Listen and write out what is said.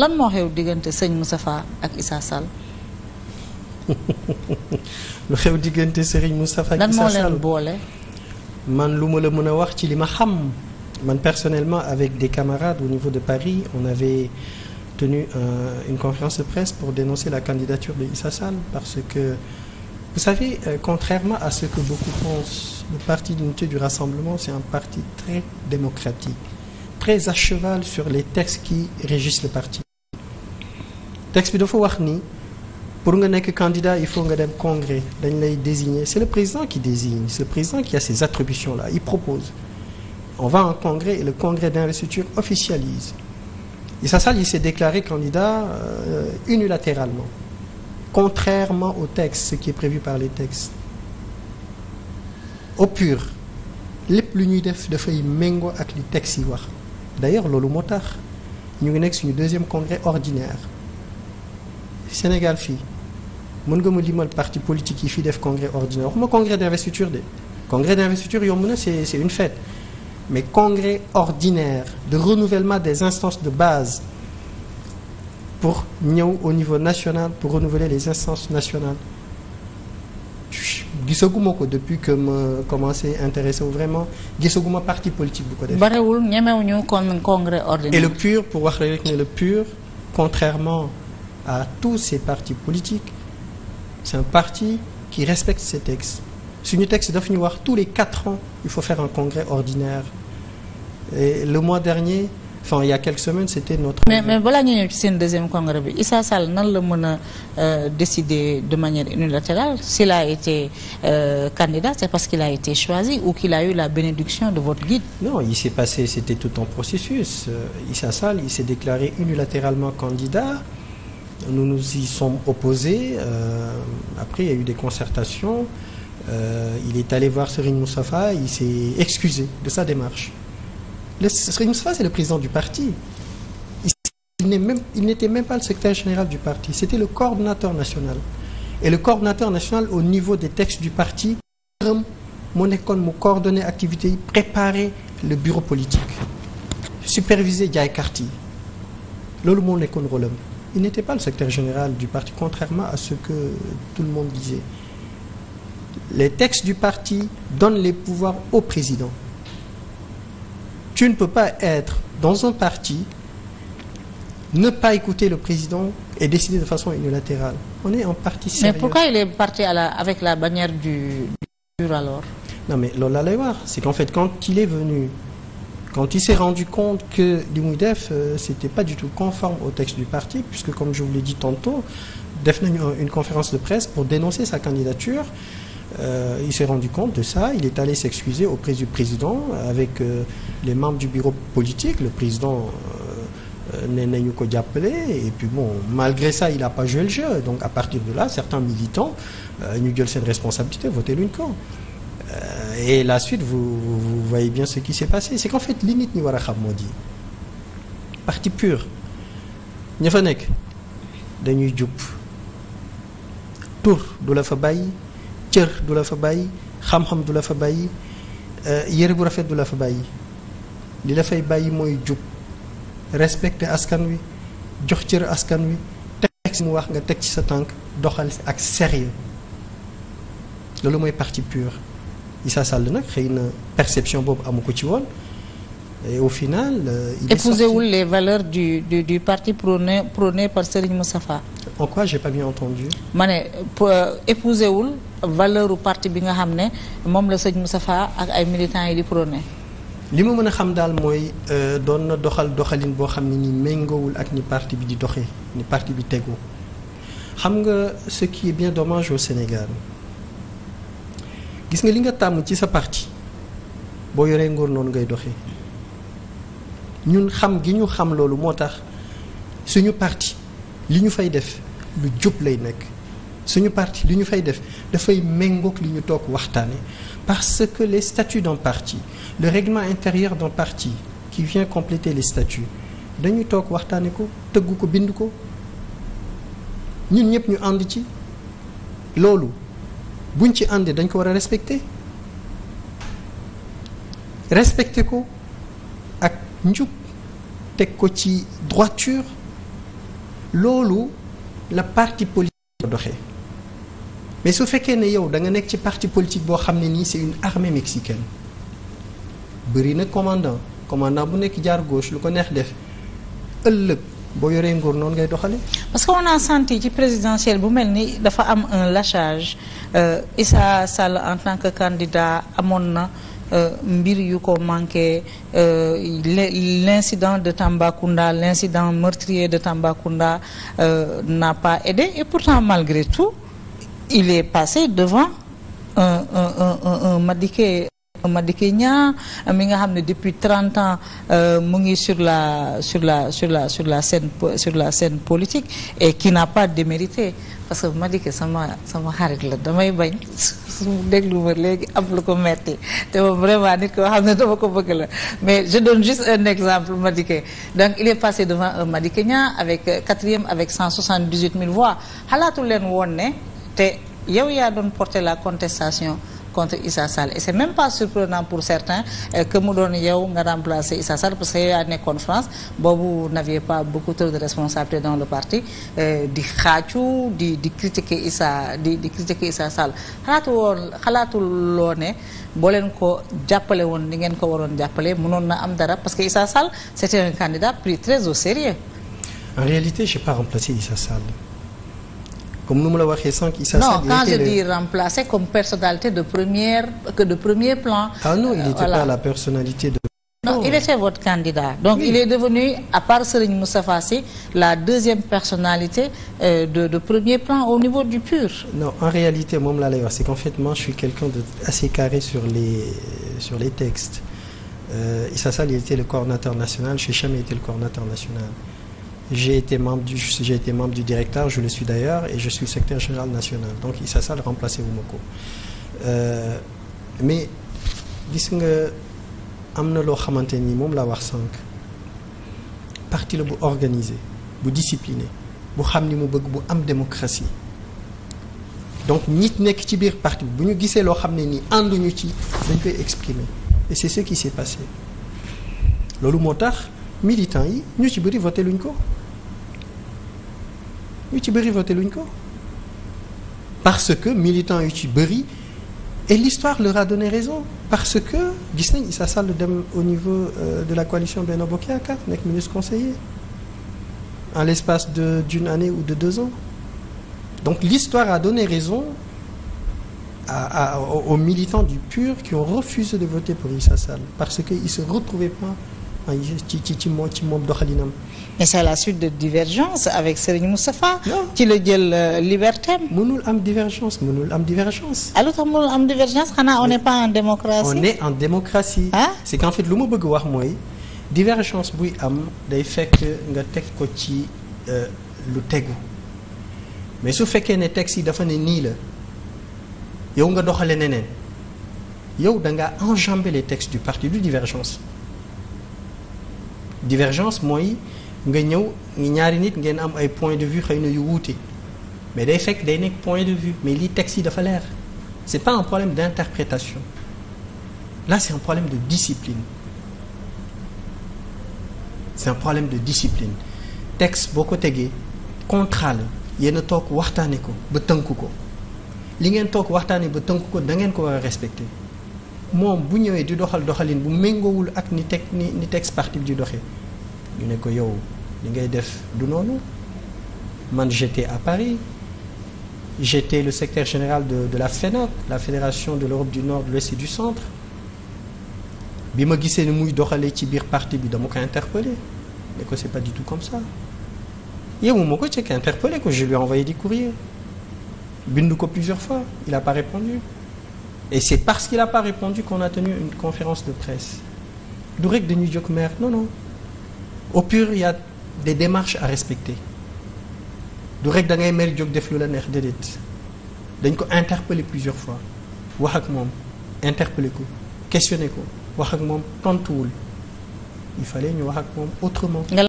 lan moo xew diggante sëñ Moustapha ak Issa lu xew diggante Serigne Moustapha ak Issa lan moo leen boole. man lu ma la mën a wax ci li ma xam man personnellement avec des camarades au niveau de Paris on avait tenu un, euh, une conférence de presse pour dénoncer la candidature de Issa parce que vous savez euh, contrairement à ce que beaucoup pensent le parti d'unité du rassemblement c'est un parti très démocratique. très à cheval sur les textes qui régissent le parti texte bi dafa wax ni pour nga nekk candidat il faut nga dem congrès dañ lay désigner c'est le président qui désigne c'est le président qui a ces attributions là il propose on va en congrès et le congrès d'investiture officialise Issa Sall il s'est déclaré candidat euh, unilatéralement contrairement au texte ce qui est prévu par les textes au pur lépp lu ñuy def dafay méngoo ak li texte yi wax d'ailleurs loolu moo tax ñu ngi nekk suñu deuxième congrès ordinaire Sénégal fii mën nga ma limal parti politique yi fii def congrès ordinaire waxuma congrès d'investiture de congrès d'investiture yomb na c'est c'est une fête mais congrès ordinaire de renouvellement des instances de base pour ñëw au niveau national pour renouveler les instances nationales gisaguma ko depuis que ma commencé intéressé wu vraiment gisaguma parti politique bu ko def. barewul ñemewuñu kon congrès ordinaire. et le pur pour wax rek ne le pur contrairement à tous ces partis politiques c'est un parti qui respecte ses textes suñu texte daf ñu wax tous les quatre ans il faut faire un congrès ordinaire et le mois dernier. enfin il y a quelques semaines c'était notre. mais mais balaa ñu ñëw ci seen deuxième congrès bi Issa Sall nan la mën a euh, décider de manière unilatérale s'il a été euh, candidat c'est parce qu'il a été choisi ou qu'il a eu la bénédiction de votre guide. non il s'est passé c'était tout un processus euh, Issa Sall il s'est déclaré unilatéralement candidat nous nous y sommes opposés euh, après il y a eu des concertations euh, il est allé voir Serigne Moustapha il s'est excusé de sa démarche. le Serigne Moustapha c'est le président du parti il n'était même pas le secrétaire général du parti c'était le coordonnateur national et le coordonnateur national au niveau des textes du parti ërëm moo nekkoon mu coordonner activités yi préparer le bureau politique superviser jaay carte yi loolu moo nekkoon rôle am il n'était pas le secrétaire général du parti contrairement à ce que tout le monde disait les textes du parti donnent les pouvoirs au président tu ne peux pas être dans un parti, ne pas écouter le président et décider de façon unilatérale. On est un parti sérieux. Mais pourquoi il est parti à la, avec la bannière du, du alors Non mais loolu laa lay wax c'est qu'en fait quand il est venu, quand il s'est rendu compte que l'UMIDEF euh, c'était pas du tout conforme au texte du parti, puisque comme je vous l'ai dit tantôt, def nañu une conférence de presse pour dénoncer sa candidature. Euh, il s'est rendu compte de ça, il est allé s'excuser auprès du président avec euh, les membres du bureau politique, le président euh, euh, Neneyu Kodiapele, et puis bon, malgré ça, il n'a pas joué le jeu. Donc à partir de là, certains militants, nous gueulent cette responsabilité, votez l'UNCO. Et la suite, vous, vous, voyez bien ce qui s'est passé. C'est qu'en fait, limite Niwara moo di parti pur ña fa nekk dañuy jub la fa cër du la fa bàyyi xam-xam du la fa bàyyi euh, yére bu rafet du la fa bàyyi li la bàyyi mooy jub respecter askan wi jox cër askan wi teg si mu wax nga teg ci sa tànk doxal ak sérieux loolu mooy parti pur sa Sall nag xëy na perception boobu amu ko ci woon et au final. Euh, il épousewul les valeurs du du du parti prôné prôné par Serigne Moustapha en quoi j'ai pas bien entendu. ma ne euh, épousé wul valeur parti bi nga xam ne moom la sëñ Moustapha ak ay militants yi di prôné. li ma mën a xam daal mooy euh, doon na doxal doxalin boo xam ne ni méngoowul ak ni parti bi di doxee ni parti bi tegu xam nga ce qui est bien dommage Sénégal gis nga li nga tàmm ci sa parti boo yoree ngóor noonu ngay doxee ñun xam gi ñu xam loolu moo tax suñu parti. li ñu fay def lu jub lay nekk suñu parti li ñu fay def dafay méngoog li ñu toog waxtaane parce que les statuts d'un parti le règlement intérieur d'un parti qui vient compléter les statuts dañu toog waxtaane ko tëgg ko bind ko ñun ñëpp ñu ànd ci loolu buñ ci àndee dañ ko war a respecter respecter ko ak njub teg ko ci droiture loolu la parti politique doxe mais su fekkee ne yow da nga nekk ci parti politique boo xam ne nii si une armée mexicaine bëri na commandant commandant bu nekk jaar gauche lu ko neex def ëllëg boo yoree nguur noonu ngay doxale parce que on a senti ci présidentielle bu mel ni dafa am un lâchage euh, Issa Sall en tant que candidat amoon na. Euh, mbir yu ko manqué euh, l'incident de Tambacounda l'incident meurtrier de Tambacounda euh, n'a pas aidé et pourtant malgré tout il est passé devant un un Madické Niang euh, mi nga xam ne depuis trente ans euh, mu ngi sur la sur la sur la sur la scène sur la scène politique et qui n'a pas démérité parce que Madické sama sama xarit la damay bañ su déglu ma léegi am lu ko metti te moom vraiment nit koo xam ne dama ko bëgg la mais je donne juste un exemple Madické donc il est passé devant un Madické Niang avec euh, quatrième avec cent soixante-dix-huit mille voix xalaatul leen woon ne te yow yaa doon porter la contestation contre Issa Sall et c'est même pas surprenant pour certains euh, que mu doon yow nga remplacer Issa Sall parce que yow yaa nekkoon France boobu n'aviez pas beaucoup trop de responsabilité dans le parti euh, di xaacu di di critiquer Issa di di critiquer Issa Sall xalaatu woon loo ne boo leen ko jàppale woon ni ngeen ko waroon jàppale mënoon na am dara parce que Issa Sall c'était un candidat pris très au sérieux en réalité j'ai pas remplacé Issa comme nu mu la waxee sànq. il non quand je dis remplacer comme personnalité de première que de premier plan. ah non il euh, n'était pas la personnalité de. Non, oh. il était votre candidat. Donc il est devenu, à part Serigne Moustapha la deuxième personnalité euh, de, de premier plan au niveau du PUR. Non, en réalité, moom laa lay wax c'est qu'en fait moi je suis quelqu'un de assez carré sur les textes. Euh, Issa Sall il le coordonnateur national, Cheikh Cham était le coordonnateur national. J'ai été membre du, j'ai été membre du directeur, je le suis d'ailleurs, et je suis secrétaire général national. Donc Issa Sall remplacé wu ma ko euh, mais gis nga am na loo xamante ni moom laa wax sànq parti la bu organisé bu discipliné bu xam ni mu bëgg bu am démocratie donc nit nekk ci biir parti bu ñu gisee loo xam ne nii ànduñu ci dañ koy exprimer et c'est ce qui s'est passé loolu moo tax militants yi ñu ci bëri voté luñ ko. ñu ci bëri voté luñ ko parce que militant yu ci bëri et l'histoire leur a donné raison parce que gis nañ Issa Sall dem au niveau euh, de la coalition Benno Bokk Yaakaar nekk ministre conseiller en l'espace de d'une année ou de deux ans donc l'histoire a donné raison à, à, aux militants du PUR qui ont refusé de voter pour Issa Sall parce qu'ils se retrouvaient pas ci ci ci moom ci moom doxalinam. mais c'est la suite de divergence avec Serigne Moustapha. ci la jël euh, liberté mënul am divergence mënul am divergence. alors ah, tax mënul am divergence xanaa on n'est pas en démocratie. on est en démocratie. ah c'est qu'en fait lu ma bëgg wax mooy divergence buy am day fekk nga teg ko ci euh, lu tegu mais su fekkee ne texte yi dafa ne nii la yow nga doxale neneen yow da nga enjamber les textes du parti du divergence. divergence mooy nga ñëw ñaari nit ngeen am ay point de vue xëy na yu wuute mais day fekk day nekk point de vue mais lii texte yi dafa leer c'est pas un problème d'interprétation là c'est un problème de discipline c'est un problème de discipline texte boo ko tegee contrat la yéen a toog waxtaane ko ba tënk ko li ngeen toog waxtaane ba tënk ko da ngeen ko war a respecter moom bu ñëwee di doxal doxaliin bu méngoowul ak ni teg ni ni texte parti bi di doxee ñu ne ko yow li ngay def du noonu man j'étais à Paris j'étais le secrétaire général de de la FENOC la fédération de l'Europe du Nord de l'Ouest et du Centre bi ma gisee ni muy doxalee ci biir parti bi dama ko interpellé ne ko c'est pas du tout comme ça yemu ma ko cek interpellé ko je lui ai envoyé des courriers bind ko plusieurs fois il a pas répondu et c'est parce qu'il a pas répondu qu'on a tenu une conférence de presse du rek dañuy jóg maire non non au pur il des démarches à respecter du rek da ngay maire jóg def lu la neex déedéet dañ ko interpeller plusieurs fois wax ak moom interpeller ko questionner ko wax ak moom tontuwul il fallait ñu wax ak moom autrement